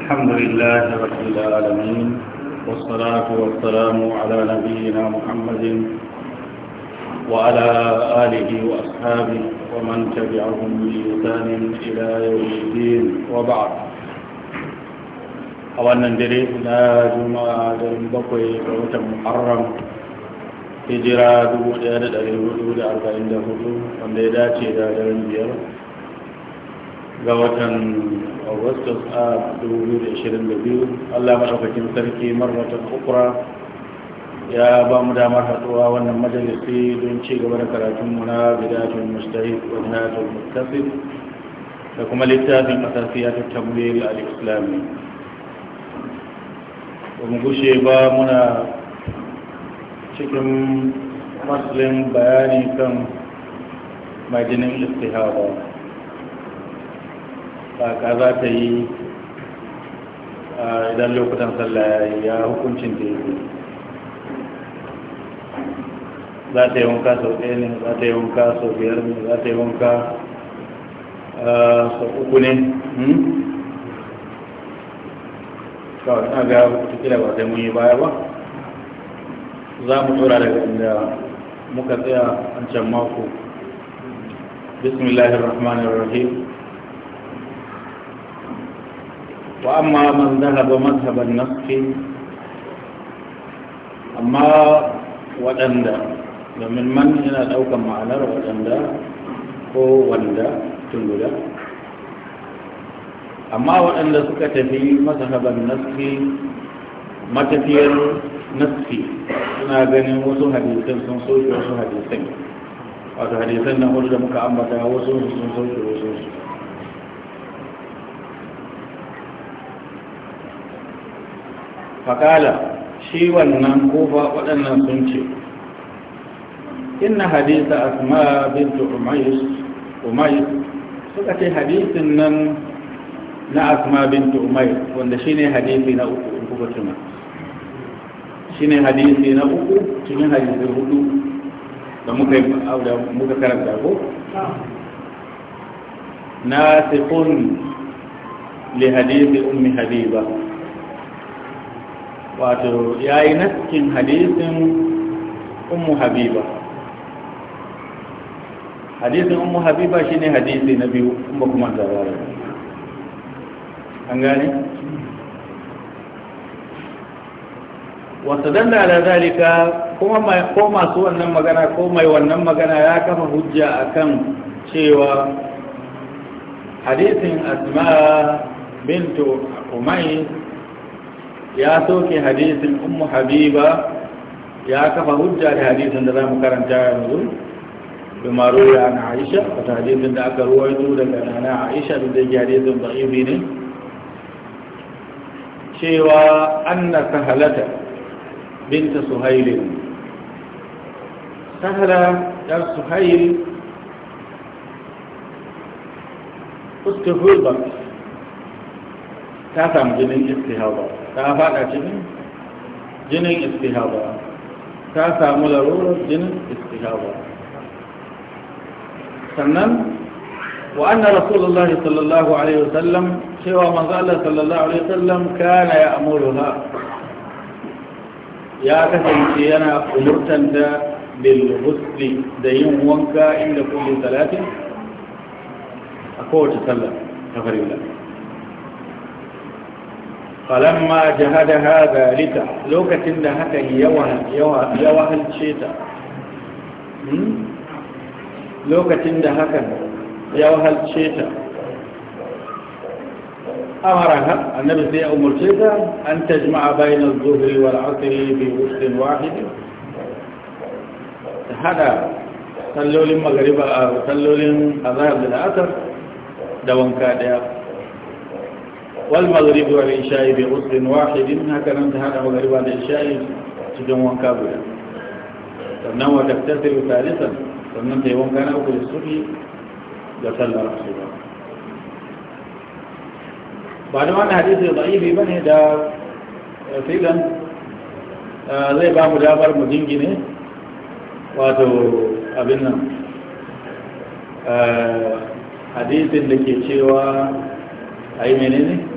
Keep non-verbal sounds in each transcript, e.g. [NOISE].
الحمد لله رب العالمين والصلاة والسلام على نبينا محمد وعلى آله وأصحابه ومن تبعهم بإحسان إلى يوم الدين وبعد a wannan dare na juma'a garin bakwai ga watan muharram hijira 1444 wanda ya dace da daren biyar ga watan augustus a 2022 allah maɗaukakin sarki marmatan kukura, ya ba mu damar haɗuwa wannan majalisi don ci gaba da karatunmu na bidatun mustahid wa bidatun da kuma littafin asasiyatul tamwil al-islami ba mu gushe ba muna cikin maslin bayani kan majinin istihaba kaka za ta yi ah, idan lokutan sallah ya hukuncin da yi za ta yi wanka sau ɗaya ne za ta yi wanka sau biyar ne za ta yi wanka ah, sau uku ne hmm? kawai na ga da ba ta mun yi baya ba za mu tura daga inda muka tsaya an can mako bismillahirrahmanirrahim وأما من ذهب مذهب النسخ أما waɗanda domin man yana ɗaukar ma'anar waɗanda ko wanda tun guda amma waɗanda suka tafi mazhabar naski matafiyar naski suna ganin wasu hadisan sun soke wasu hadisan wato hadisan na hudu da muka ambata wasu sun soke wasu Fakala, shi wannan kofa waɗannan sun ce inna hadisa asma bintu umayis suka ce hadisin nan na asma bintu umayis wanda shine hadisi na uku in kuka tuna shine hadisi na uku cikin hadisi hudu da muka yi da muka karanta ko nasikun li hadisi ummi habiba wato ya yi naskin hadisin ummu habiba hadisin ummu habiba shi ne hadisi na biyu kuma kuma zarara an gani wasu danda da zalika ko masu wannan magana ko mai wannan magana ya kafa hujja akan cewa hadisin asma bintu umayyar ya soke hadisin ummu habiba ya kafa hujja da hadisin da za mu karanta yanzu bima ruwa na aisha wata hadisin da aka ruwaito daga nana aisha da zai hadisin da'ibi ne cewa anna sahalata binta suhailin sahala yar suhail استهربت ta samu jinin istihaba ta faɗa cikin jinin istihaba ta samu larurar jinin istihaba sannan wa'annan anna rasulullah sallallahu alaihi wasallam cewa manzo sallallahu alaihi wasallam kana ya amuruna ya kasance yana umurtan da bil da yin wanka inda kulli talatin a kowace sallah ta farilla فلما جهدها ذلك لوكتن ده هكا يوها شيتا لوكتن ده هكا يوها شيتا أمرها النبي سيئة أم شيتا أن تجمع بين الظهر والعصر في وقت واحد هذا صلوا للمغرب آه، صلوا للأظهر بالأثر دوان كادئة والمغرب والعشاء بغسل واحد هكذا انتهى المغرب والعشاء cikin wanka guda sannan wa taftasir talisan sannan ta yi wanka na uku da sufi da sallar asuba ba da wani hadisi da'ibi ba ne da filan zai ba mu damar mu jingine wato abin nan hadisin ke cewa a yi menene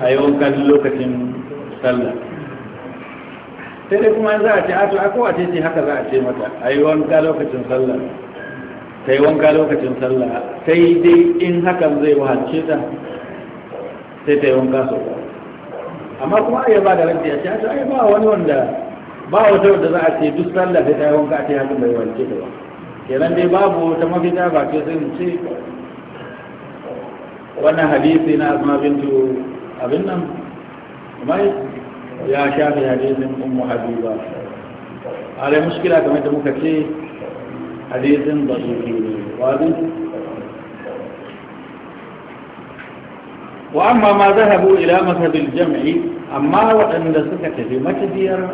a yi wanka lokacin sallah sai dai kuma za a ce ato ako a ce haka za a ce mata a yi wanka lokacin sallah ta yi wanka lokacin sallah sai dai in hakan zai wahalce ta sai ta yi wanka sau amma kuma a ya ba da ranti a ce a yi ba wani wanda ba wata wanda za a ce duk sallah sai ta yi wanka a ce hakan bai wahalce ta ba kenan dai babu wata mafita ba ke sai ce wannan hadisi na asma bintu abin nan mai ya sha da hadisin ummu habiba alai muskila kamar da muka ce hadisin ba su ke ne wadi wa amma ma zahabu ila mazhabil jam'i amma waɗanda suka tafi matafiyar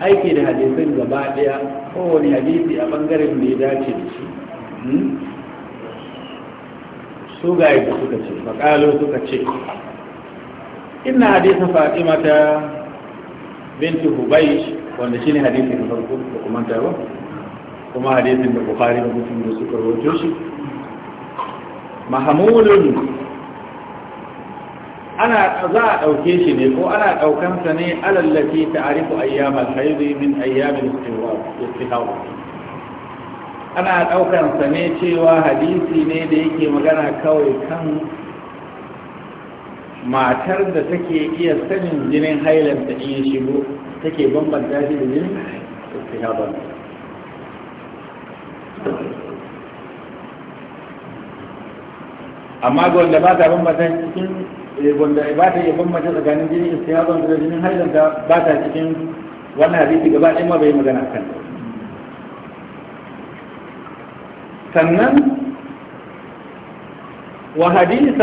aiki da hadisin gaba ɗaya kowane hadisi a ɓangaren da ya dace da shi hmm? su ga yadda suka ce faƙalo suka ce إن حديث فاطمة بنت هبيش wanda shine hadisin farko da kuma taro kuma hadisin da bukhari da muslim da suka rawaito shi mahmulun ana za a dauke shi ne ko ana daukan sa ne alallati ta'rifu ayyam al-hayd min ayyam al-istihaw ana daukan sa ne cewa hadisi ne da yake magana kawai kan matar da take iya sanin jinin da in shigo take bambanta shi da jinin istihabar amma ga wanda ba ta bambanta cikin eh, wanda ba ta iya bambanta tsakanin jinin istihabar da jinin hailanta ba ta cikin wannan hadisi gaba ɗaya ma bai magana kan sannan wa hadisa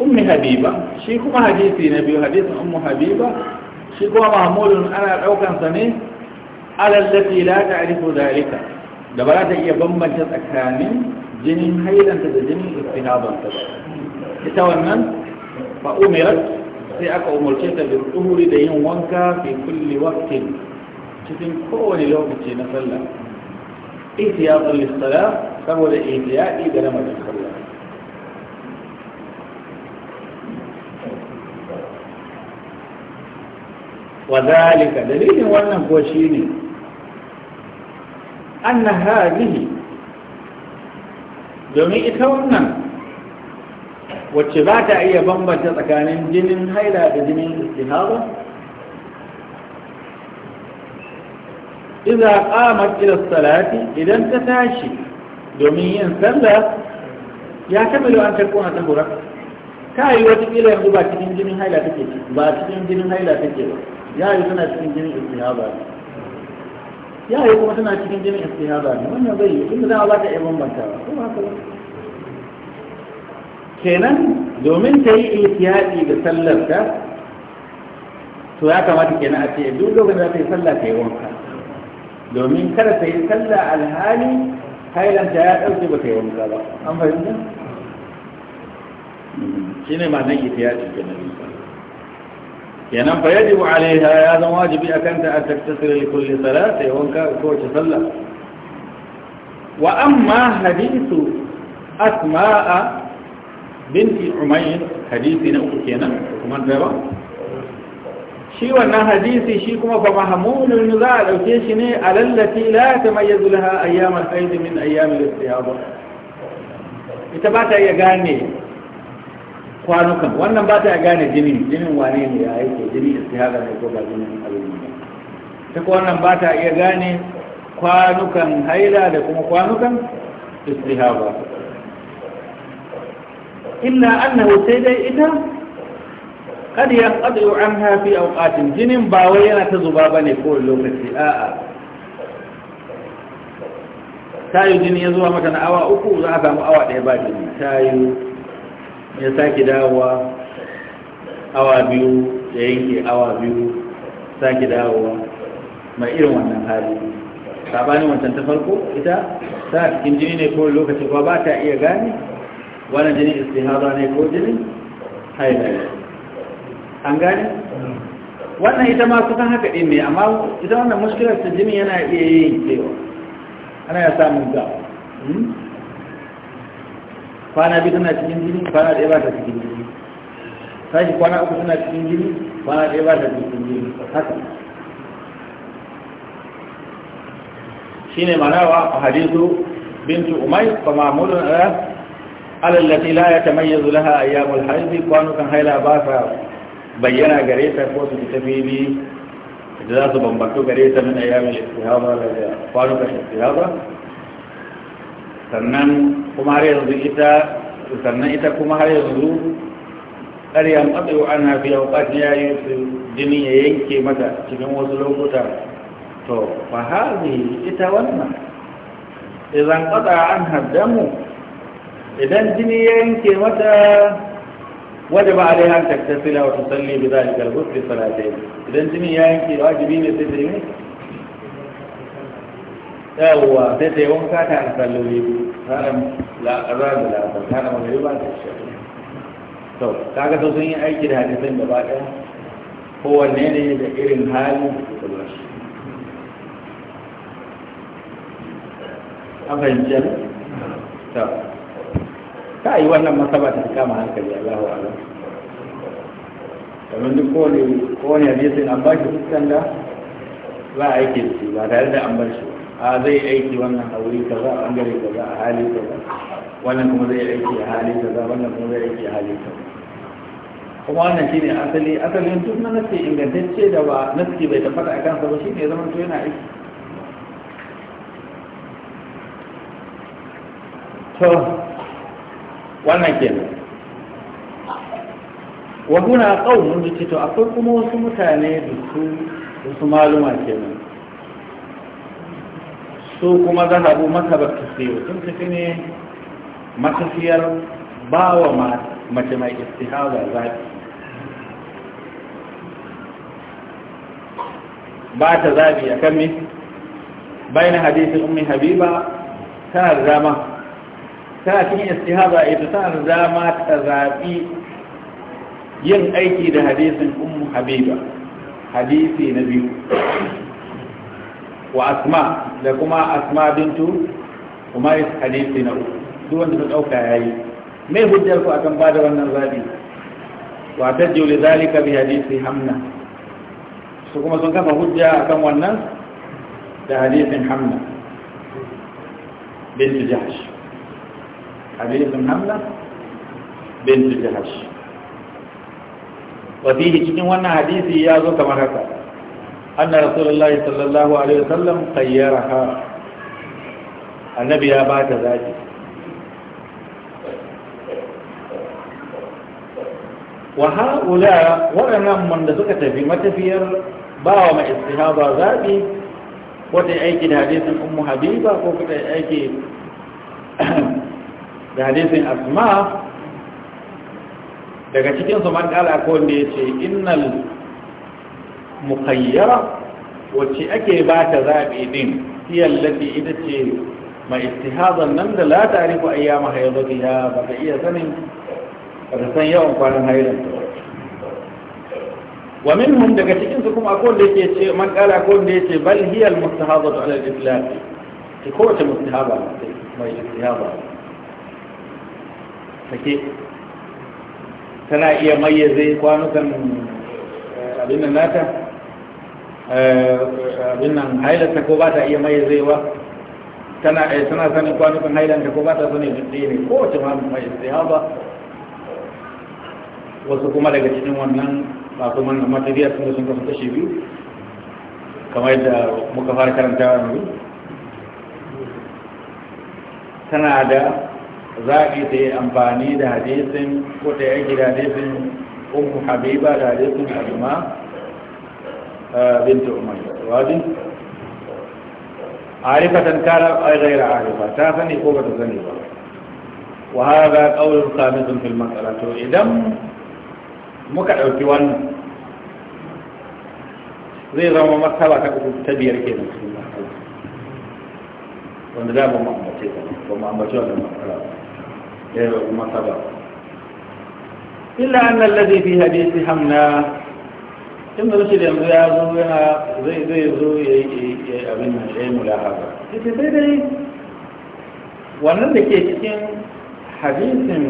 ummi habiba shi kuma hadisi na biyu hadisin ummu habiba shi kuma mahmudun ana daukan sa ne alallati la ta'rifu zalika da ba za ta iya bambanta tsakanin jinin hailanta da jinin istihabanta ita wannan fa umirat sai aka umarce ta bi tsuhuri da yin wanka fi kulli waqtin cikin kowane lokaci na sallah ihtiyatan lis-salah saboda ihtiyaɗi ga lamarin sallah Wazalika dalilin wannan ko shine anna hadhihi domin ita wannan wacce ba ta iya bambanta tsakanin jinin haila da jinin istihara idza qamat ila salati idan ta tashi domin yin sallah ya kamalu an takuna tahura ta yi yanzu ba cikin haila ba yayi suna cikin jinin istihaba ne yayi kuma suna cikin jinin istihaba ne wannan bai yi inda za a baka ya bambanta ba ko haka ba kenan domin ta yi ihtiyadi da sallar ta to ya kamata kenan a ce duk lokacin da ta yi sallah ta yi wanka domin kada ta yi sallah alhali hailanta ya ɗauke ba ta yi wanka ba an fahimta hmm. shi ne ma nan ihtiyadi kenan kenan fa yajibu alaiha ya zama wajibi akan ta taktasir li kulli salat ya wanka ko ta sallah wa amma hadithu asma'a binti umayr hadisi na uku kenan kuma da ba shi wannan hadisi shi kuma fa ne za a dauke shi ne alallati la tamayyazu laha ayyam al-hayd min ayyam al-istihaba ita ba ta iya gane kwanukan wannan ba ta gane jini jinin wane ne ya yake jini ta ne ko ba jinin alimi ne ta wannan ba ta iya gane kwanukan haila da kuma kwanukan istihara illa annahu sai dai ita kad ya qadu anha fi awqatin jinin ba wai yana ta zuba bane ko lokaci a tayu jini ya zuwa mata na awa uku za a samu awa ɗaya ba jini tayu ya sake dawowa awa biyu da yanke awa biyu sake dawowa mai irin wannan hali sabanin wancan ta farko ita ta cikin jini ne ko lokacin ba ba ta iya gane wannan jini istihara ne ko jini haila an gane wannan ita masu kan haka ɗin ne amma ita wannan muskilar ta jini yana iya yin kewa ana ya samun gawa hmm? kwana biyu tana cikin jini kwana ɗaya ba ta cikin jini sashi kwana uku tana cikin jini kwana ɗaya ba ta cikin jini haka shine manawa a hadisu bintu umai fa mamulun ala alallati la yatamayyazu laha ayyamul hayd kan haila ba sa bayyana gare ta ko su ta bibi da za su bambanto gare ta min ayyamul istihaba da kwanukan istihaba sannan kuma har yanzu ita sannan ita kuma har yanzu ƙaryan matsayo ana fi yaukat ya yi jini ya yanke mata cikin wasu lokuta to fa hazi ita wannan idan kada an haddamu idan jini ya yanke mata wajaba alaiha ta taktasila wa tusalli bi dhalika al-ghusl salatayn idan jini ya yanke wajibi ne sai ta yi yawwa sai ta yi wanka ta an salloli ranar la'azar da la'azar ta na wani ba ta shi to kaga sun yi aiki da hadisan da ba ɗaya kowanne ne da irin hali da suka shi an fahimci ta ta yi wannan masaba ta kama hankali allahu alam kamar duk kowane kowane hadisin an ba shi fuskan da ba aiki da shi ba tare da an bar shi ba a zai aiki wannan a wuri kaza a bangare kaza a hali kaza wannan kuma zai aiki a hali kaza wannan kuma zai aiki a hali kaza kuma wannan shine asali asalin duk na nasi ingantacce da ba nasi bai tabbata a kansa ba shine zaman to yana aiki to wannan kenan wa huna qaumun to akwai kuma wasu mutane da su wasu maluma kenan su kuma zahabu masabar siyo sun tafi ne matafiyar ba wa mace mai istihaza zafi ba ta zaɓi a kan mi bayan hadisin ummi habiba tana da dama tana cikin istihaza ita tana da dama ta zaɓi yin aiki da hadisin ummu habiba hadisi na biyu wa asma' da kuma asma bintu umais hadisi na duk wanda ta dauka yayi me hujjar ku akan bada wannan zabi wa tajju li zalika bi hadisi hamna su kuma sun kafa hujja akan wannan da hadisin hamna bin jahsh hadisin hamna bin jahsh wa fihi cikin wannan hadisi ya zo kamar haka أن رسول الله صلى الله عليه وسلم خيرها النبي يا بعد ذلك وهؤلاء وأنهم من ذكت في متفير باوم استهابا ذاتي وتأيكد حديث أم حبيبة وتأيكد حديث أسماء daga cikin su man kala ko ne ce innal مخيرة وتي أكي بات ذاب إذن هي التي إذا إذتي ما اجتهاد النمذ لا تعرف أيام حيضتها فكي يسنن فكي يوم قال هايلا ومنهم دك شكنتكم أقول لك من قال أقول لك بل هي المستهاضة على الإطلاق تكوة مستهاضة ما اجتهاد فكي تنا ميزة ميزي قوانو كان آه، أبنى ناتا Eh, abin nan ta ko ba ta iya mai zaiwa tana eh, tana sanin kwanukan hailanta ko ba ta sanin jinde ne kowace ma mai zaiwa wasu kuma daga cikin wannan masu manna matariyar sun sun kasu kashi biyu kamar yadda muka fara karanta yanzu tana da zaɓi ta yi amfani da hadisin ko ta yi da hadisin umu habiba da hadisin abima آه، بنت أمية وهذه عارفة كان أي غير عارفة تاثني قوبة الزنيبة وهذا قول خامس في المسألة إذا مكعب كيوان زي ذا ممثلة تبير كيف وانا دابا ما امبتيتا وما امبتيتا وما إلا أن الذي في هديث همنا tun da wuce da yanzu ya zo yana zai zai zo ya yi abin da ya mula haka ita sai dai wannan da ke cikin hadisin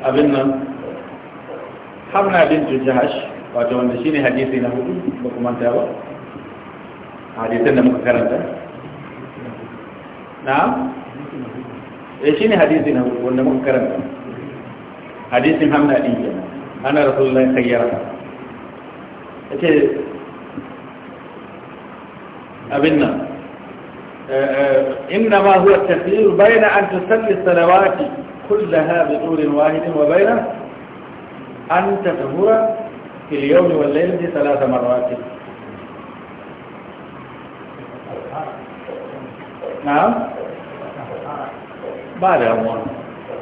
abin nan hamna bin tujahash wato wanda shine hadisi na hudu ba kuma ta ba hadisin da muka karanta na eh shine hadisi na hudu wanda muka karanta hadisin hamna din kenan ana rasulullahi khayyara أبنى آه، آه، إنما هو التفير بين أن تسلي الصلوات كلها بطول واحد وبين أن تتهر في اليوم والليل ثلاث مرات نعم بعد أمون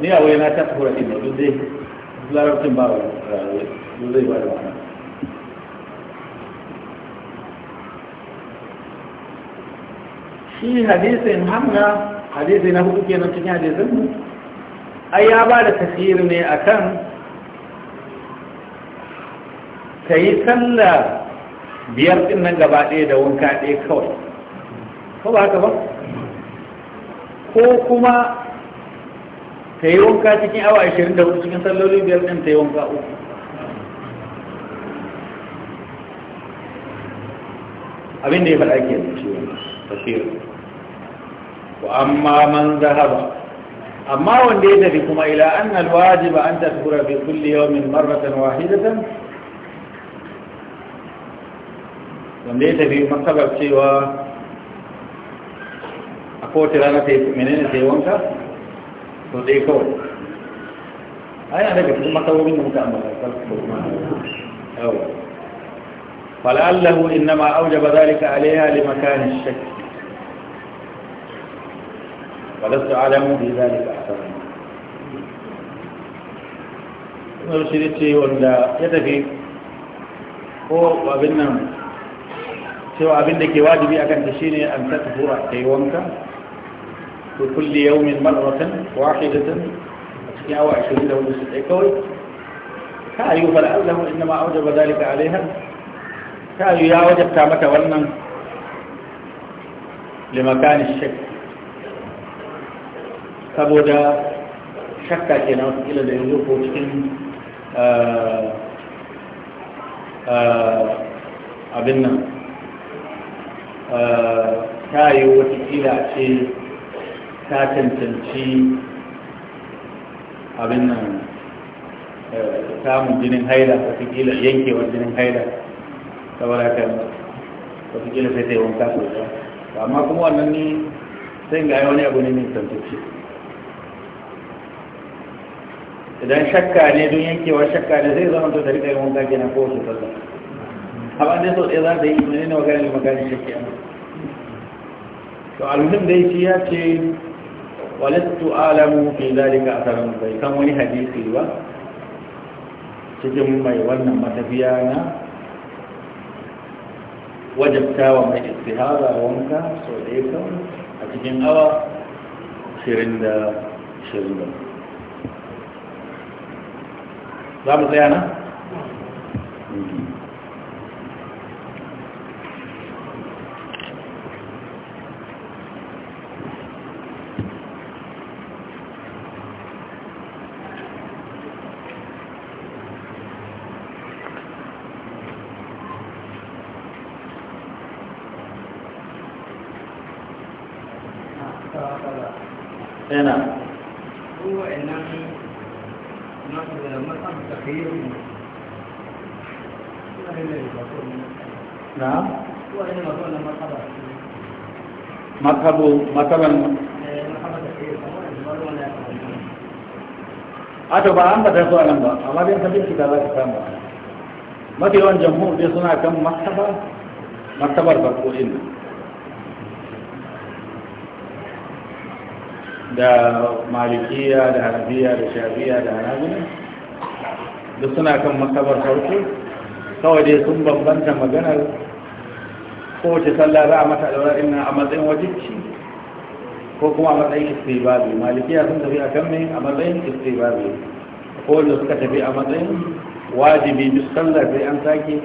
نيا وينا تتهر إنه جدي لا يمكن آه، بعد shi hadisin hamna hadisi na hudu kenan cikin hadisin mu ai ya ba da tafsir ne akan ka yi sallah biyar din nan gaba ɗaya da wanka ɗaya kawai ko ba haka ba ko kuma ta yi wanka cikin awa 24 cikin salloli biyar ɗin ta yi wanka uku abin da ya faɗa ke da ciwon tafiyar وأما من ذهب أما وندي بكم إلى أن الواجب أن تذكر في كل يوم مرة واحدة وندي في مكتب سوى أقوت لنا في منين سيوانك وديكو أي أنا كنت مكتب من مكتب فلعله إنما أوجب ذلك عليها لمكان الشك ولست أعلم بذلك أحسن نرشدتي ولا يدفي هو وابننا نعم. سوى ابنك واجبي أكن تشيني أن تكفر حيوانك في يوم مرة واحدة في عشرين له نسل إكوي كايو فلأله إنما أوجب ذلك عليها كايو يا وجب كامك ولنا لمكان الشك saboda shakka ke na wasu da yanzu ko cikin eh, eh, abin nan eh, ta yi kila ce ta cancanci abin nan samun jinin haida watakila yankewar jinin haida saboda kan kila sai ta yi wanka sosai amma kuma wannan ne sai ga yi wani abu ne mai tantance idan shakka ne don yankewa shakka ne zai zama da rikai wanda wanka na kowace su haɓar da sau ɗaya za ta yi ne ne magana shakki magana shakka to alhum dai shi ya ce walittu alamu fi zalika tsarin bai kan wani hadisi ba cikin mai wannan matafiya na wajabta wa mai istihara wanka sau ɗaya kawai a cikin awa 20 da 20 za mu tsaya nan a ba an yawan jamhur suna kan martaba martabar farko din da malikiya da harbiya da shafiya da harabiya duk suna kan martabar farko kawai dai sun bambanta maganar kowace sallah za a mata da wa'in a matsayin ci. ko kuma a matsayin istibabi malikiya sun tafi a kan mai a matsayin istibabi ko da suka tafi a matsayin wajibi duk sallar sai an sake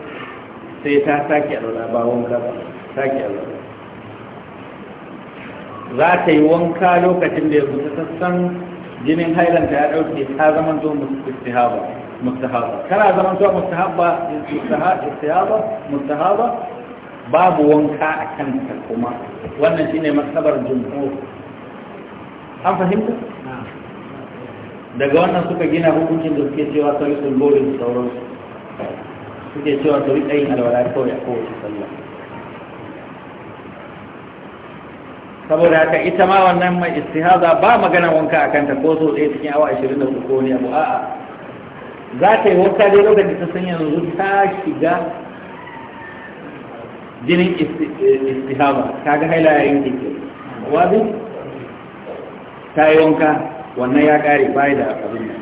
sai ta sake a lura ba wanka ba sake a lura za ta yi wanka lokacin da ya kusa sassan jinin ta ya ɗauke ta zama zo mustahaba mustahaba kana zaman zo mustahaba istihaba mustahaba babu wanka a kanta kuma wannan shine masabar jumhur an fahimta daga wannan suka gina hukuncin da suke cewa sauri sun gori da sauransu suke cewa sauri ɗayin alwala kawai a kowace sallah saboda haka ita ma wannan mai istihaza ba magana wanka a kanta ko so ɗaya cikin awa ashirin da uku ko wani abu a'a za ta yi wata dai lokacin ta san yanzu ta shiga jinin istihaza kaga haila yayin kike wazin ta yi wanka wannan ya kare bai da abin nan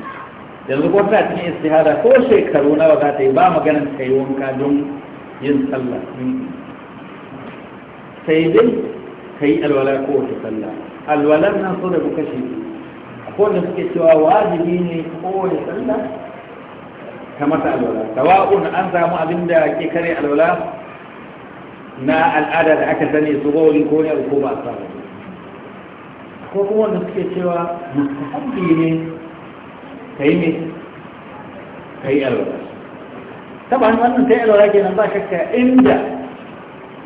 yanzu ko ta cikin istihada ko shekaru nawa za ta yi ba maganin ta yi wanka don yin sallah sai dai ka yi alwala ko wata sallah alwalan nan so da kuka shi ko da suke cewa wajibi ne ko wata sallah ta mata alwala tawa'un an samu abin da ke kare alwala na al'ada da aka sani su gori ko ne ko ba a samu ko kuma wanda suke cewa mustahabbi ne ka yi ne ka yi alwala taban wannan ta yi alwala nan ba shakka inda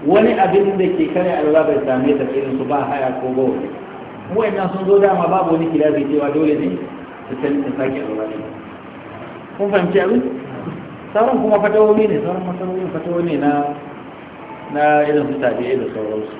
wani abin da ke kare alwala bai same ta irin su ba haya ko ba wani ina sun zo dama babu wani kira zai cewa dole ne su san ta sake alwala ne kun fahimci abin sauran kuma fatawomi ne sauran matsalolin fatawomi ne na na irin su tafiye da sauransu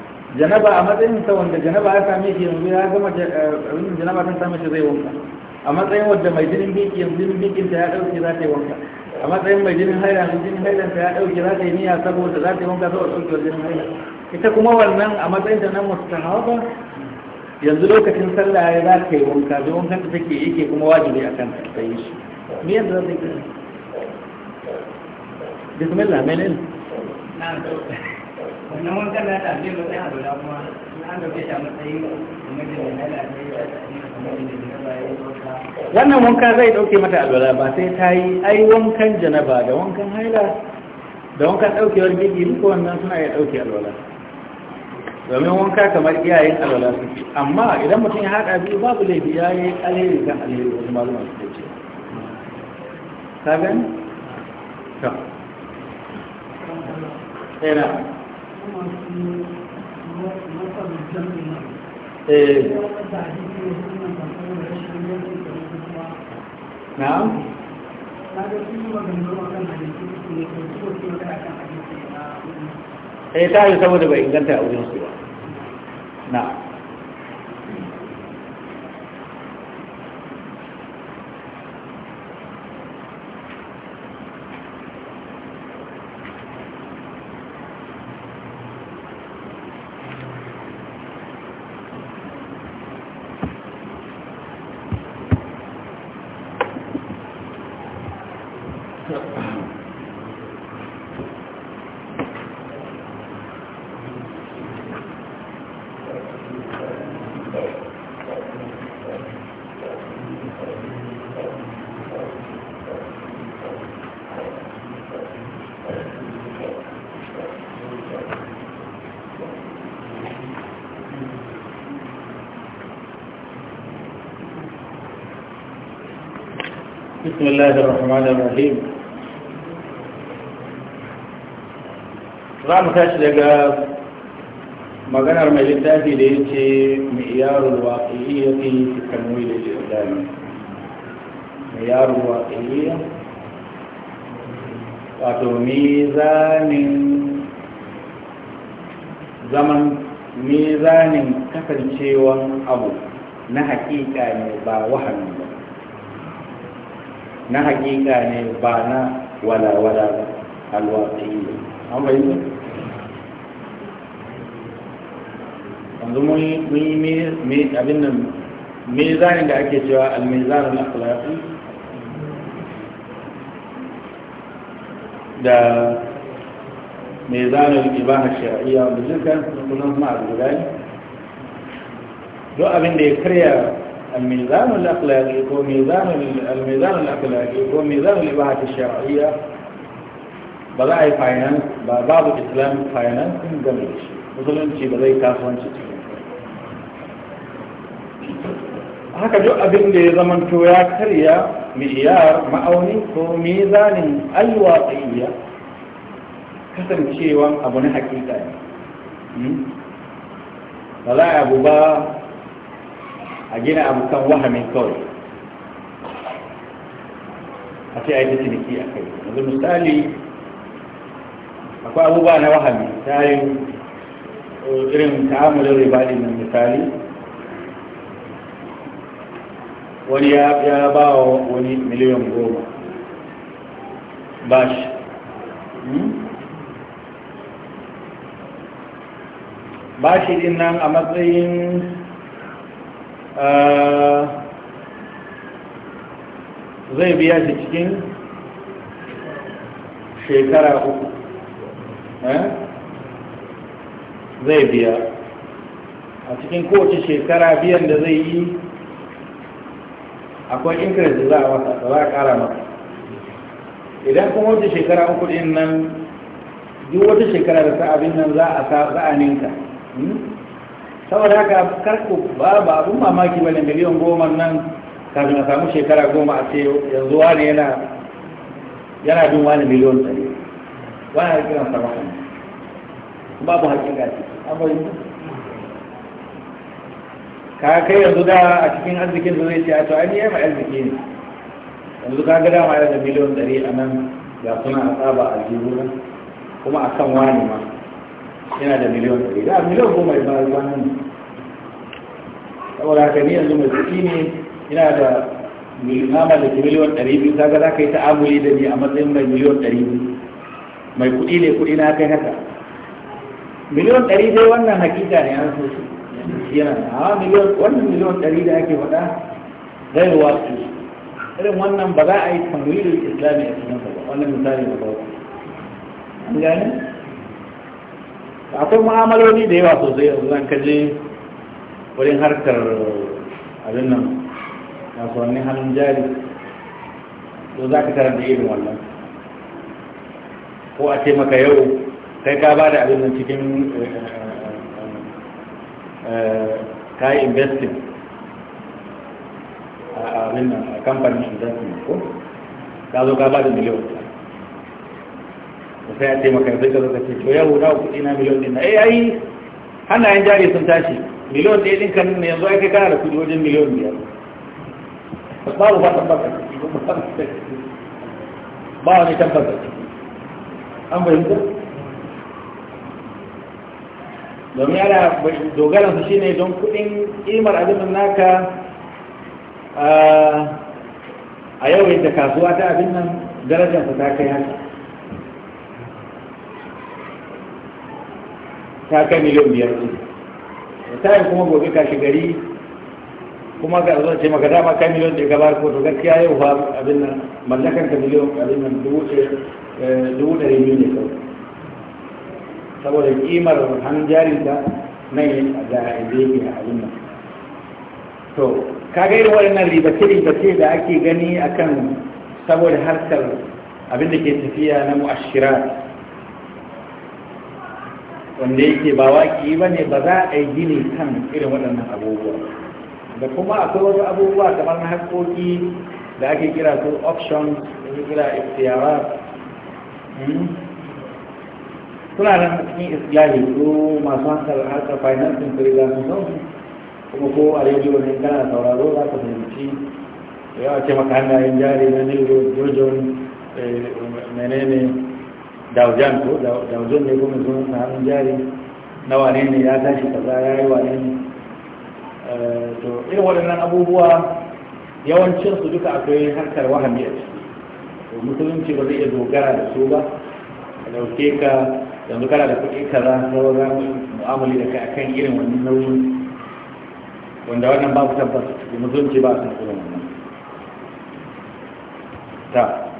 janaba a matsayin sa wanda janaba ya same shi yanzu ya gama eh, abin janaba ta same shi zai wanka a matsayin wanda mai jinin biki yanzu jinin bikin ta ya dauke za ta yi wanka a matsayin mai jinin haila yanzu jinin haila ta ya dauke za ta yi niyya saboda za ta yi wanka saboda dauke jinin haila ita kuma wannan a matsayin ta nan musu mustahaba yanzu lokacin sallah ya za ta yi wanka don wankan ta take yake kuma wajibi akan ta yi shi me yanzu za ta yi bismillah menene ne kuma an da wannan wanka zai dauke mata alwala ba sai ta yi ai wankan janaba da wankan haila da wankan daukewar gigi duka wannan suna iya dauke alwala domin wanka kamar iyayen alwala suke amma idan mutum ya haɗa biyu babu laifi ya yi alheri kan alheri wasu malu masu ce ka gani? ta ɗaya Eh. na'am eh ta yi saboda bai inganta a wurin su ba na'am بسم الله الرحمن الرحيم رام تاش لغا مغانا رميلتا في ليتي معيار الواقعية في التنويل الإعلامي معيار الواقعية واتو ميزان زمن ميزان كفر شيوان أبو نحكيك أن يبا na hakika ne ba na wala-wala ba yi an bayyana yanzu mun yi abin nan mizanin da ake cewa na akhlaqi da mizanin ibaha shari'a da kuma sunan ma'azura ne don abin da ya karya الميزان الأخلاقي هو ميزان الميزان الأخلاقي هو ميزان الإباحة الشرعية بضعي فاينانس بعض الإسلام فاينانس من قبل مثلا شيء بضعي كاسوان شيء haka duk abin da ya zamanto ya karya miyar ma'auni ko mizanin alwatsiyya kasancewan abu na hakika ne ba za a abu ba a gina abu kan wahamin kawai a ce a yi ta ciniki a kai yanzu misali akwai abubuwa na wahami ta yi irin ta'amalin ribali na misali wani ya ba wa wani miliyan goma bashi hmm? bashi din nan a matsayin Ah, zai biya shi cikin shekara uku eh? zai biya a cikin kowace shekara biyan da zai yi akwai inkiris da za a wata da za a kara mata idan kuma wata shekara uku din nan duk wata shekara da abin nan za a ninka saboda haka karku ba ba abun mamaki ba ne miliyan goma nan kafin a samu shekara goma a ce yanzu wani yana yana bin wani miliyan ɗari wani ya kiran sama babu harkin gaji. an ka kai yanzu da a cikin arzikin da zai ce a to an yi mai arziki ne yanzu ka gada ma yana da miliyan ɗari a nan ga suna a tsaba a jihu kuma a kan wani ma yana da miliyon ɗari da miliyon goma ya bayar wani saboda haka ni yanzu mai tsaki ne ina da nama da miliyon ɗari biyu kaga za ka yi ta'amuli da ni a matsayin mai miliyon ɗari biyu mai kuɗi ne kuɗi na kai haka miliyon ɗari dai wannan hakika ne an so shi yana da hawa miliyon wannan miliyon ɗari da ake faɗa zai wasu irin wannan ba za a yi tamwirin islami a cikin ba wannan misali ba ba an gane akwai mu'amaloli da yawa sosai a zan kaje wurin harkar abin nan kasuwannin hannun jari to za ka karanta irin wannan ko a ce maka yau kai ka ba da abin nan cikin eh, eh, eh, kayi investing a abin nan a kamfanin investing ko ka zo ka ba da miliyon da sai a ce maka yanzu ka kace to yau na kudi na miliyon ɗin na eh ai hannayen jari sun tashi miliyon ɗaya din kan ne yanzu ai kai kana da kuɗi wajen miliyon biyar babu ba tabbas ba wani tabbas an fahimta domin yana dogara su shine don kudin imar abin naka ah, a yau yadda kasuwa ta abin nan darajarsa ta kai haka ta kai miliyan biyar ɗin ta kuma gobe kashi gari kuma ga zuwa ce maka dama kai miliyan da gabar ko to gaskiya yau fa abin nan mallakar ka miliyan abin nan dubu eh, dubu ɗari biyu ne kawai saboda kimar hannun jarin ka nan da haibe yake a abin nan to ka ga irin waɗannan ribace-ribace da ake gani akan saboda harkar abin da ke tafiya na mu'ashira wanda yake ba waki ba ne ba za a yi gini kan irin waɗannan abubuwa da kuma akwai wasu abubuwa kamar na haƙoƙi da ake kira su options da ake kira ikhtiyara hmm? suna nan cikin islami ko masu hankali harkar financing su riga kuma ko a rediyo ne kana sauraro za ka fahimci yawa ce maka hannayen jari na nilo jojon eh, menene da ko dawujan ne kuma zuwa na hannun jari na wane ne ya tashi kaza ya yi wane ne eh, to irin waɗannan abubuwa yawancin su duka akwai harkar wahami a ciki to musulunci ba zai iya dogara da su ba a dauke ka yanzu kana da kuɗi kaza sauran mu'amali da kai akan irin wani nauyin wanda wannan babu tabbas musulunci ba su san irin wannan ta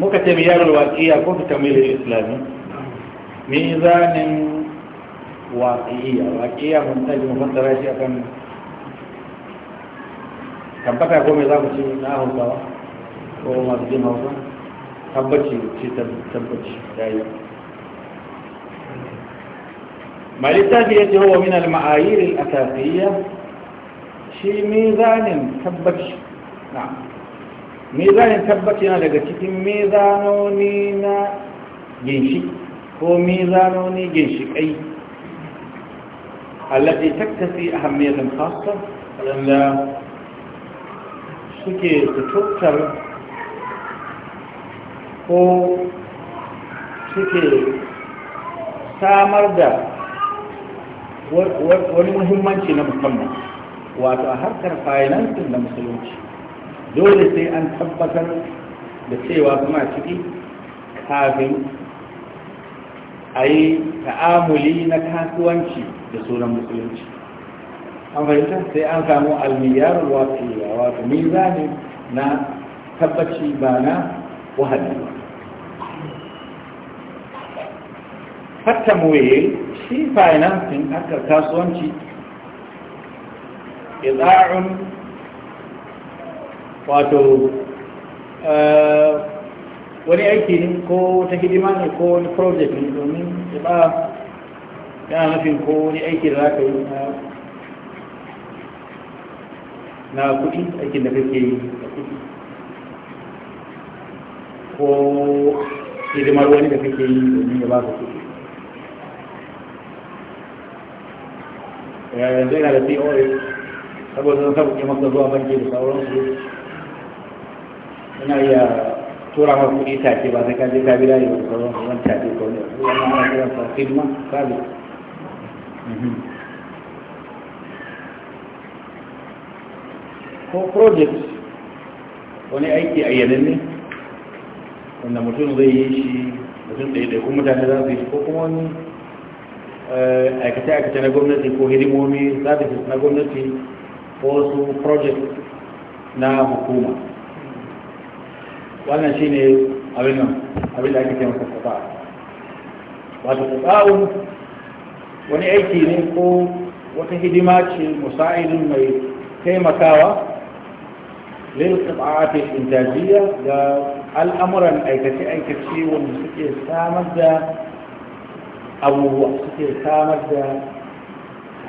muka ce biyar waƙiya ko fi kamilin islami mizanin waƙiya waƙiya mun taji mu fassara shi akan tabbata ko me za mu ci na hausawa ko masu jin hausa tabbaci ce tabbaci ya yi ما للتالي هو من المعايير الأساسية شيء ميزان ثبت نعم mizanin tabbaci yana daga cikin mizanoni na ginshi ko mizanoni ginshiƙai allati taktasi ahammiyatan khassa wanda suke tuttar ko suke samar da wani muhimmanci na musamman wato a harkar finance na musulunci dole sai an tabbatar da cewa kuma ciki kafin a yi ta'amuli na kasuwanci da sunan musulunci an fahimta sai an samu almiyar wato wato ne na tabbaci ba na wahala ba hatta muwaye shi financing harkar kasuwanci idza'un wato eh, wani aiki ne ko ta hidima ne ko wani project ne domin ya ba yana nufin ko wani aiki da za ka yi na kudi aikin da kake yi da kudi ko hidimar wani da kake yi domin ya ba ka kudi eh, yanzu yana da pos saboda zan sabuke maka zuwa banki da sauransu ina iya tura ma kuɗi take ba sai kaje je ka gida ne ba ka zama wani take ko ne wannan ana kiran sa khidma sabi mhm. ko project wani aiki a ne wanda mutum zai yi shi mutum ɗaya ɗaya kuma mutane za su yi ko kuma wani eh, aikace-aikace na gwamnati ko hidimomi services na gwamnati ko su project na hukuma wannan shi ne abin nan abin da ake ce masa kafa wato kafa'un wani aiki ne ko wata hidima ce musa'idin mai taimakawa lil qita'ati intajiyya da al'amuran aikace aikace wanda suke samar da abubuwa suke samar da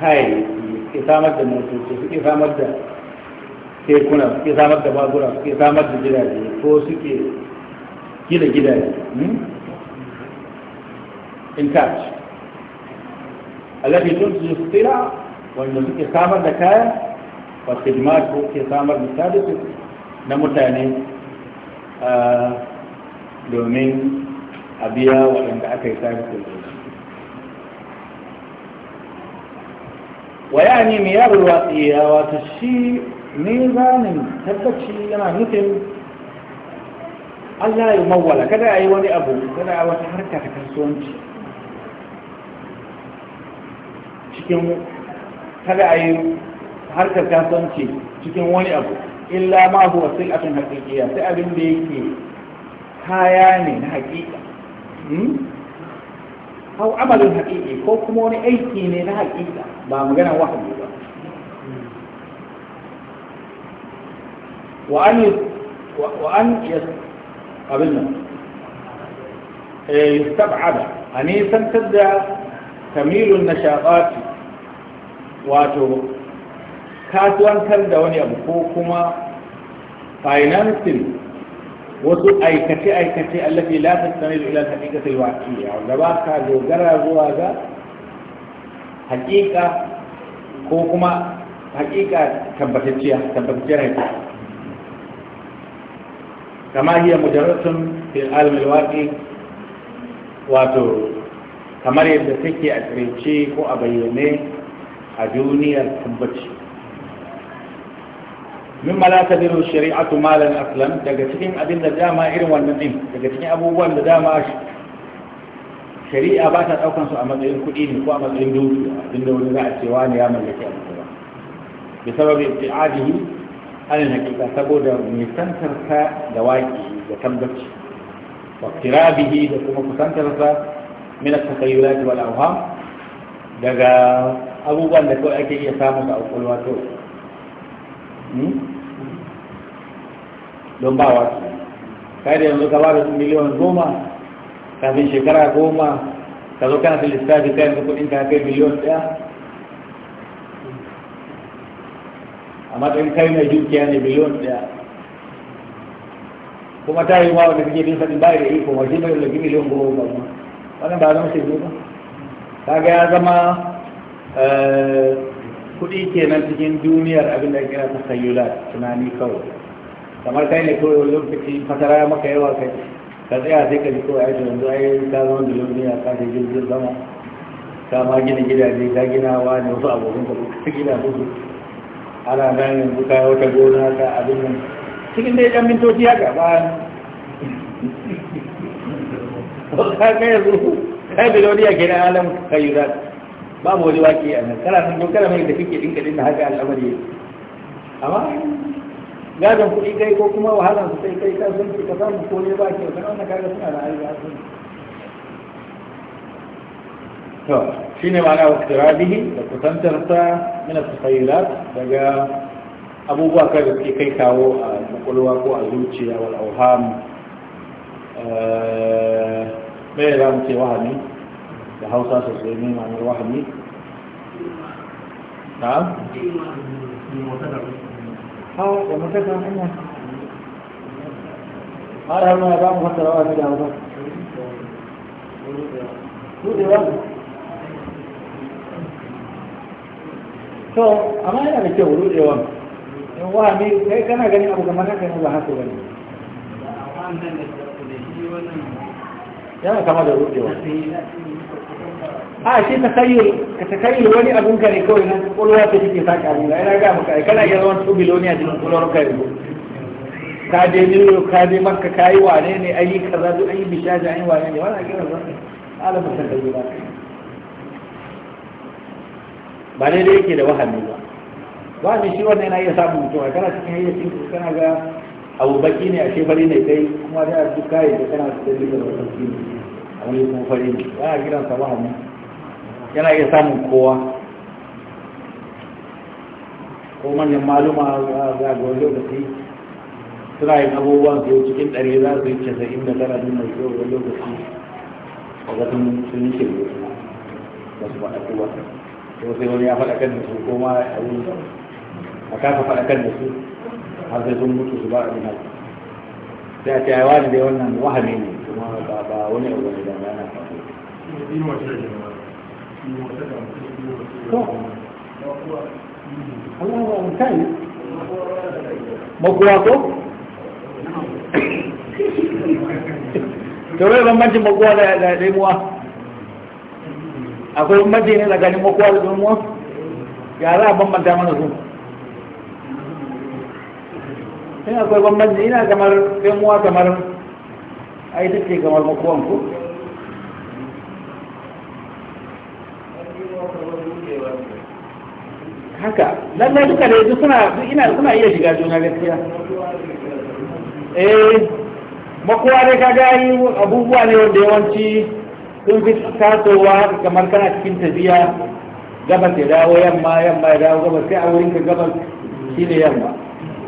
kayayyaki suke samar da motoci suke samar da tekuna suke samar da babura suke samar da gidaje ko suke gina gidaje hmm? in cash alaƙi tun su tsira wanda suke samar da kaya wasu khidmat ko ke samar da sabis na mutane domin a biya waɗanda aka yi sabis da su ويعني ميار الواقية وتشي ميزان tabbaci. Yana مثل Allah ya mawala kada a yi wani abu kada a wata harka ta kasuwanci cikin kada a yi harkar kasuwanci cikin wani abu illa ma huwa sil'atun haqiqiyya sai abin da yake kaya ne na haƙiƙa ko hmm? amalin haƙiƙi ko kuma wani aiki ne na haƙiƙa ba magana wahabi ba wa an abin nan yustab'ada eh, a nisantar da tamilun na shaɓati wato kasuwantar da wani abu ko kuma financing wasu aikace-aikace allafi la tattamilu ila haƙiƙatar waƙiyya wanda ba ka dogara zuwa ga haƙiƙa ko kuma haƙiƙa tabbatacciya tabbatacciya kama hiya mujarratun fil alam alwaqi wato kamar yadda take a tsirce ko a bayyane a duniyar tabbaci min ma la tadiru shari'atu malan aslan daga cikin abin da dama irin wannan din daga cikin abubuwan da dama shari'a ba ta daukan su a matsayin kuɗi ne ko a matsayin dukiya abinda wani za a ce wani ya mallaki abu ba bi sababi ibtiadihi alin hakika saboda nisantar ka da waƙi da tambaci, wa kirabihi da kuma kusantar sa min at-takhayyulat wal awham daga abubuwan da kawai ake iya samu da alƙulwa to hmm? don ba waƙi kai da yanzu ka ba da miliyan goma kafin shekara goma ka zo kana da ka kai yanzu kuɗin ka kai miliyan ɗaya a matsayin kai mai dukiya ne biliyon ɗaya kuma ta yi wawa da kake bin faɗin bai da iko waje bai da biliyon goma ba ma wannan ba zama shekaru ba ta ga ya zama eh, kuɗi kenan cikin duniyar abin da kira ta sayyula tunani kawai kamar kai ne kawai wani lokaci fatara ya maka yawa kai ka tsaya sai ka ji kawai aiki yanzu ai ka zama da duniya ka ce jirgin zama ka ma gina gidaje ka gina wa ne wasu abokan ka gina su ana nan yanzu wata gona ta abin nan cikin dai kan mintoci haka ba ka kai yanzu kai biloniya ke na alam kayyurat ba mu wani waki a nan kana san kala mai da kike dinka dinka haka al'amari amma gadon kuɗi kai ko kuma wahalar su sai kai ka sun ka samu ko ne ba ke wani kaga suna da ayyuka sun طيب، شنو معنى اقترابه فكنت من التخيلات دقا أبو بكر كي كاو نقول واكو الزوجية والأوهام ما أه... يرام في وهمي بحوصة سلمين عن الوهمي نعم ها ومتكا عنا هذا هو ما يرام فترة واحدة يا أبو بكر to amma yana da kyau rudewa in wa me kai kana ganin abu kamar haka ne ba haka ba ne yana kama da rudewa a shi ta kayyar wani abun ka ne kawai na kwalwa ta take saka abin da yana ga maka kana iya wani su biloniya cikin kwalwar ka yanzu ka je niyo ka je makka ka yi wane ne ayi kaza duk ayi bishaja ayi wane ne wana a kira zan alamun san da yi ba ba da yake da wahami ba Ba ne shi wannan yana iya samun mutum a kana cikin hayyacin ka kana ga abu baki ne a shefari ne kai kuma da duk kayi da kana da dalilin da wasu ne a wani kuma fari ne ba a gidansa wahami yana iya samun kowa ko manyan maluma za a gwani lokaci suna yin abubuwan su cikin ɗari za su yi casa'in da tara din mai kyau wani lokaci a zaton sun yi shirye ba su ba a kowa ko sai wani ya faɗakar da su ko ma a wuri a kasa faɗakar da su har sai sun mutu su ba a ina sai a ce wani dai wannan wahame ne kuma ba wani abu ne da yana faɗo Allah ba mun kai makuwa ko to bambancin makuwa da akwai bambanci ne tsakanin makuwa da domin wasu ya za a bambanta mana su in akwai bambanci ina kamar ɗan uwa kamar ai ta ce kamar makuwan ku haka lallai duka da yanzu suna iya shiga juna gaskiya eh makuwa dai kaga yi abubuwa ne wanda yawanci sun fi tasowa kamar kana cikin tafiya gabas ya dawo yamma yamma ya dawo gabas sai a wurin ka gabas shi ne yamma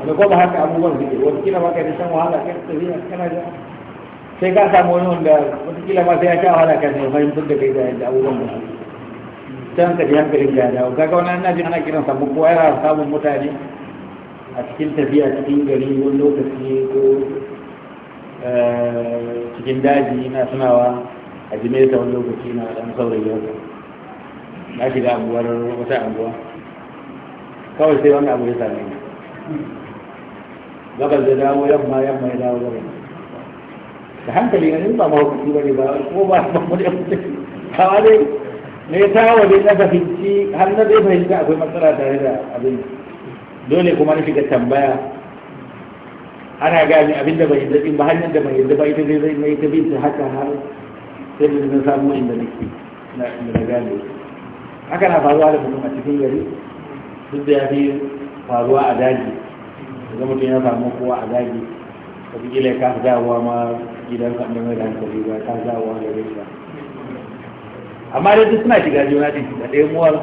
da ko ba haka abubuwan suke wata kila ba ka yi shan wahala kai tafiya kana da sai ka samu wani wanda wata kila ma sai ya sha wahala ka ne fahimtar da kai da yadda abubuwan ba can ka ji hankalin ya dawo kaga wani ana jin ana kiran samu kowa yana samun mutane a cikin tafiya cikin gari wani lokaci ko eh, cikin daji na tunawa a ta wani lokaci na dan saurayi yau na shiga abuwar wata abuwa kawai sai wani abu ya same ni gabar da dawo yamma yamma ya dawo gabar da hankali ganin ba mahaukaci ba ne ba ko ba ba mu da kawa dai ne tawo ne na fahimci har na zai fahimci akwai matsala tare da abin dole kuma na shiga tambaya ana gani abin da bai yadda ba hanyar da bai yanzu ba ita zai zai mai ta bin haka har sai da zan samu inda nake na inda na gane haka na faruwa da mutum a cikin gari duk da ya fi faruwa a daji da mutum ya samu kowa a daji wataƙila ya kasa dawowa ma gidan kan da mai da hankali ba kasa dawowa da rai ba amma dai duk suna shiga juna da da ɗaya muwar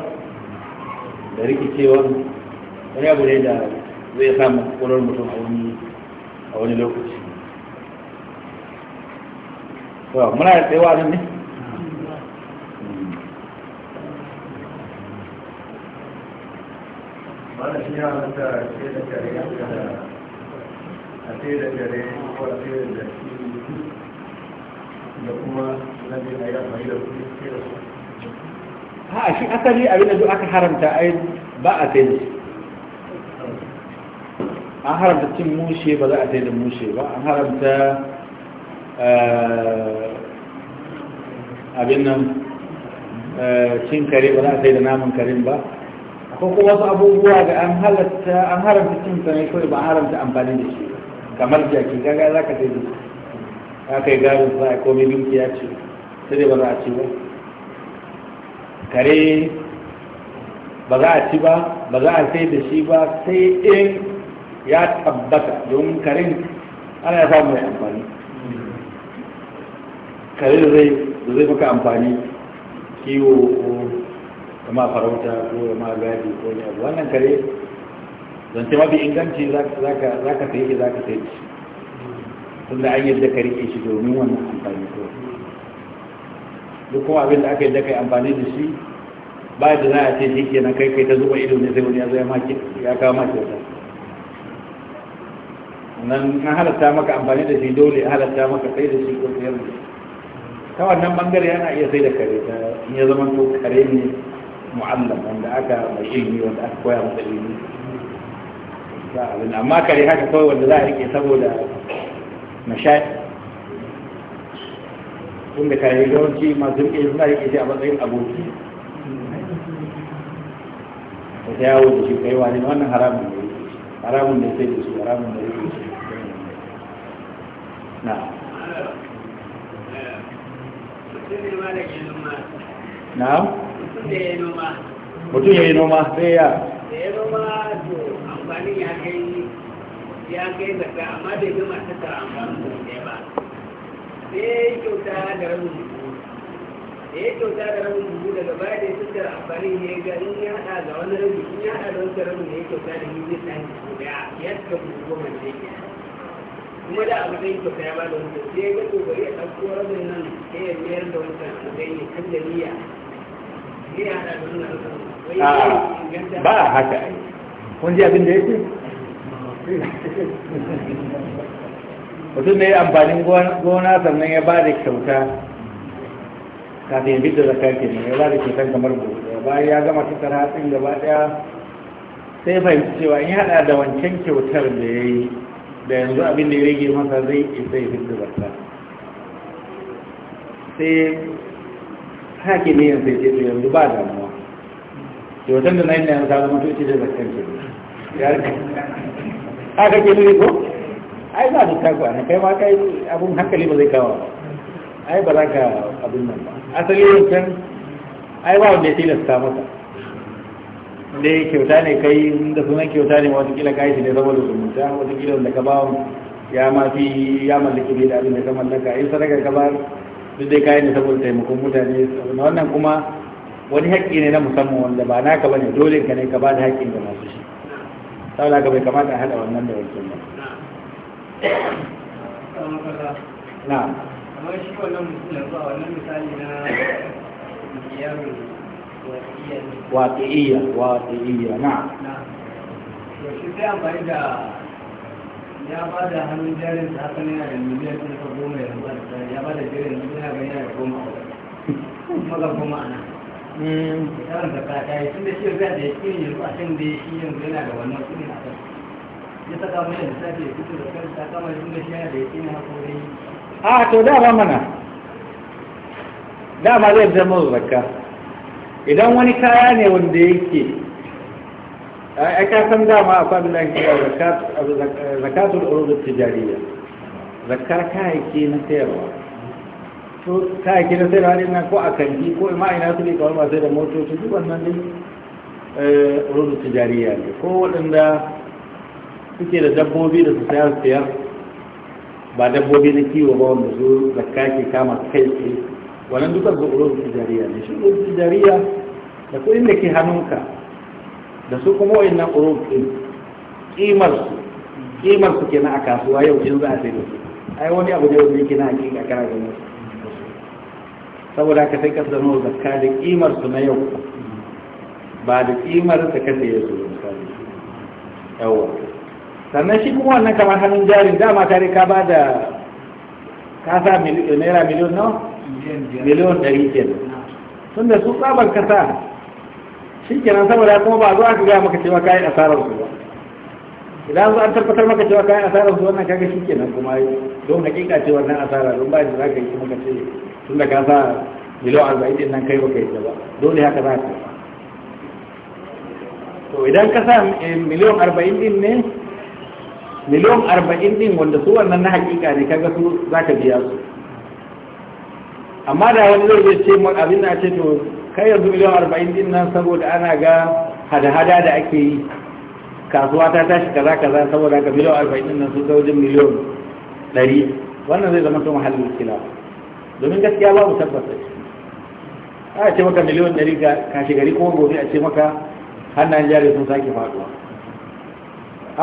da rikicewar wani abu ne da zai samu ƙwarar mutum a wani lokaci to muna da tsayawa nan ne a shi asali abin da kuma aka haramta ai ba a sai da shi an haramta cin mushe ba za a sai da mushe ba an haramta Eh, abin nan eh, cin kare ba za a sai da naman karin ba ko kuma wasu abubuwa da an halatta an haramta cin sa ne kawai ba haramta amfani da shi kamar jaki gaga za ka sai za ka yi gado za a komai binki ya ce sai dai ba za a ci ba kare ba za a ci ba ba za a sai da shi ba sai in ya tabbata domin karin ana samu mai amfani kare da zai da zai maka amfani kiwo ko kama farauta ko kama gadi ko ne abu wannan kare zance mafi inganci za ka sai shi za ka sai shi tunda an yadda ka ke shi domin wannan amfani ko duk kuma abin da aka yadda ka yi amfani da shi ba da za a ce shi ke na kai kai ta zuba ido ne sai wani ya zo ya kawo maki wata nan halatta maka amfani da shi dole halatta maka sai da shi ko sayar da shi ta wannan bangare yana iya sai da kare ta in ya zama to kare ne mu'allam wanda aka mai ilimi wanda aka koya masa ilimi amma kare haka kawai wanda za a rike saboda nishadi da kare yawanci masu rike suna rike shi a matsayin aboki ta yawo da shi kai wani wannan haramun ne haramun ne sai da shi haramun ne yake shi na na mutum ya yi noma sai ya ya kai zaka amma bai gama ta tara amfanin da ba sai kyauta da rabin da ya kyauta da rabin buhu daga baya da ya tattara amfani ne ga in ya hada ga wani rabi in ya hada da wani rabi ne ya kyauta da ni zai tsani da ya cika buhu goma da yake kuma da abu zai baka ya ba da wuce sai ya ga ya rabin nan sai ya mayar da ne kan da niyya ya haɗa da ba haka kun ji abin da ya mutum da amfanin gona sannan ya ba da kyauta kafin bi da zakar ke ya ba da kamar gobe bayan ya gama tattara hatsin gaba daya sai fahimci cewa in haɗa da wancan kyautar da ya yi da yanzu abin da ya rage masa zai isa ya fito zarta sai haƙi ne yanzu ya ce yanzu ba damuwa kyautar da na yin da yanzu zama to ce da Ya ke haka ke ne ko ai za su kakwa na kai ma kai abin hankali ba zai kawo ai ba za ka abin nan ba asali yankan ai ba wanda ya tilasta masa dai kyauta ne kai da sunan kyauta ne watakila ka yi shi ne da zumunta watakila wanda ka ba ya mafi ya mallaki ne da abin da ka mallaka in sadaka ka ba duk dai kayan ne saboda taimakon mutane wannan kuma wani haƙƙi ne na musamman wanda ba naka ne dole ka ne ka ba da haƙƙin da masu shi saboda ka bai kamata a haɗa wannan da wancan ba na kamar shi wannan mutum yanzu a wannan misali na yaron waƙi'iyya waƙi'iyya na shi sai amfani da ya ba da hannun jarin ta haka yana da miliyan ɗin ka goma ya ba da ya ba da jarin ɗin ya bayyana da goma kuma ga goma ana tsarin mm. da ka ta yi tun da shi yanzu da ya ƙi yanzu a can da ya shi yanzu yana da wannan kuɗin a ya saka mai da sake fito da kan ta kama tun da shi yana da ya ƙi na hakori a ah, to da ba mana dama zai zama zakka idan wani kaya ne wanda yake a kasan dama a kwamin lafi a zakatun eh, urudun tijariya zakar kayayyaki na sayarwa to kayayyaki na sayarwa ne ko a kanti ko ima ina su ne kawai masu da motoci duk wannan ne eh, urudun tijariya ne ko waɗanda suke da dabbobi da su sayar sayar ba dabbobi na kiwo ba wanda su zakar ke kama kai tsaye wannan duka ga urun tijariya ne shi urun tijariya da kuɗin da ke hannunka da su kuma wayannan urun ɗin kimar su kimar su kenan a kasuwa yau in za a sai da su ai wani abu da wanda yake na hakika kana ganin saboda ka sai ka zama zakka da kimar su na yau ba da kimar ta ka saye su yawa sannan shi kuma wannan kamar hannun jarin dama tare ka ba da ka sa naira miliyon nawa miliyan ɗari kenan tun da su tsabar kasa shi kenan saboda kuma ba zuwa ka gaya maka cewa kayan asarar su ba idan an tabbatar maka cewa kayan asarar su wannan kaga shi kenan kuma don hakika ce wannan asara don ba da za ka yi kuma ka ce tun da ka sa miliyan arba'in din nan kai ka yi ba dole haka za ka to idan ka sa eh, miliyan arba'in ne miliyan arba'in din wanda su wannan na hakika ne kaga su za ka biya su amma da wani zai zai ce abin na ce to kai yanzu miliyan arba'in din nan saboda ana ga hada-hada da ake yi kasuwa ta tashi kaza kaza saboda ka miliyan arba'in din nan sun ga wajen miliyan ɗari wannan zai zama tun halin kila domin gaskiya babu tabbas a ce maka miliyan ɗari kashi gari ko gobe a ce maka hannayen jari sun sake faɗuwa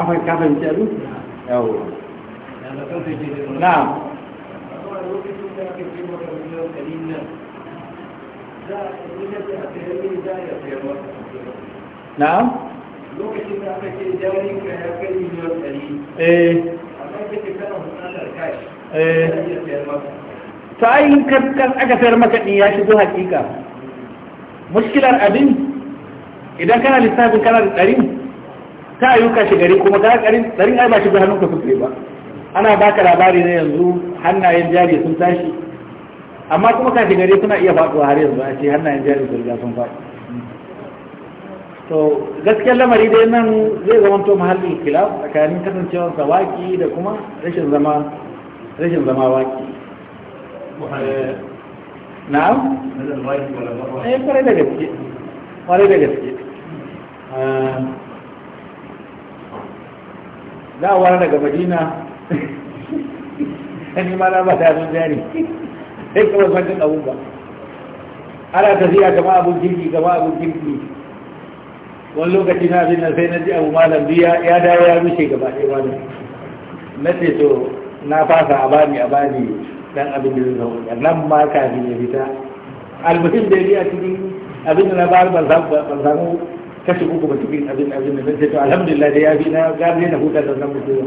an fa kafa fahimci abin yawo na hankalin nan za a yi da aka yi za a sayar masa na'am lokacin da aka ce jarin ka ya kai miliyan ɗari eh amma kake kana buƙatar kashi eh za a iya sayar masa ta yi kan aka sayar maka ɗin ya shigo hakika mushkilar abin idan kana lissafin kana da ɗari ta yi ka shi gari kuma ta ɗarin ɗarin ai ba shigo hannunka sosai ba ana baka labari na yanzu hannayen jari sun tashi amma kuma kashi gari suna iya faɗuwa har yanzu a ce hannayen jari su riga sun faɗi to gaskiyar lamari dai nan zai zama to mahallin kila tsakanin kasancewar sa waki da kuma rashin zama rashin zama waki eh, na'am eh kwarai da gaske kwarai da gaske eh, za a wara daga madina [LAUGHS] ni ma na ba ta jari sai kuma fannin abun ba ana tafiya kama abun kirki kama abun kirki wani lokaci na abin nan sai na ji abu malam biya ya dawo ya rushe gaba ɗaya malam na ce to na fasa a bani a bani dan abin da zai zauna nan ma kafin ya fita almuhim da ya cikin abin da na bayar ban samu kashi uku ba cikin abin abin da zai ce to alhamdulillah da ya fi na gane na hutar da zan mutu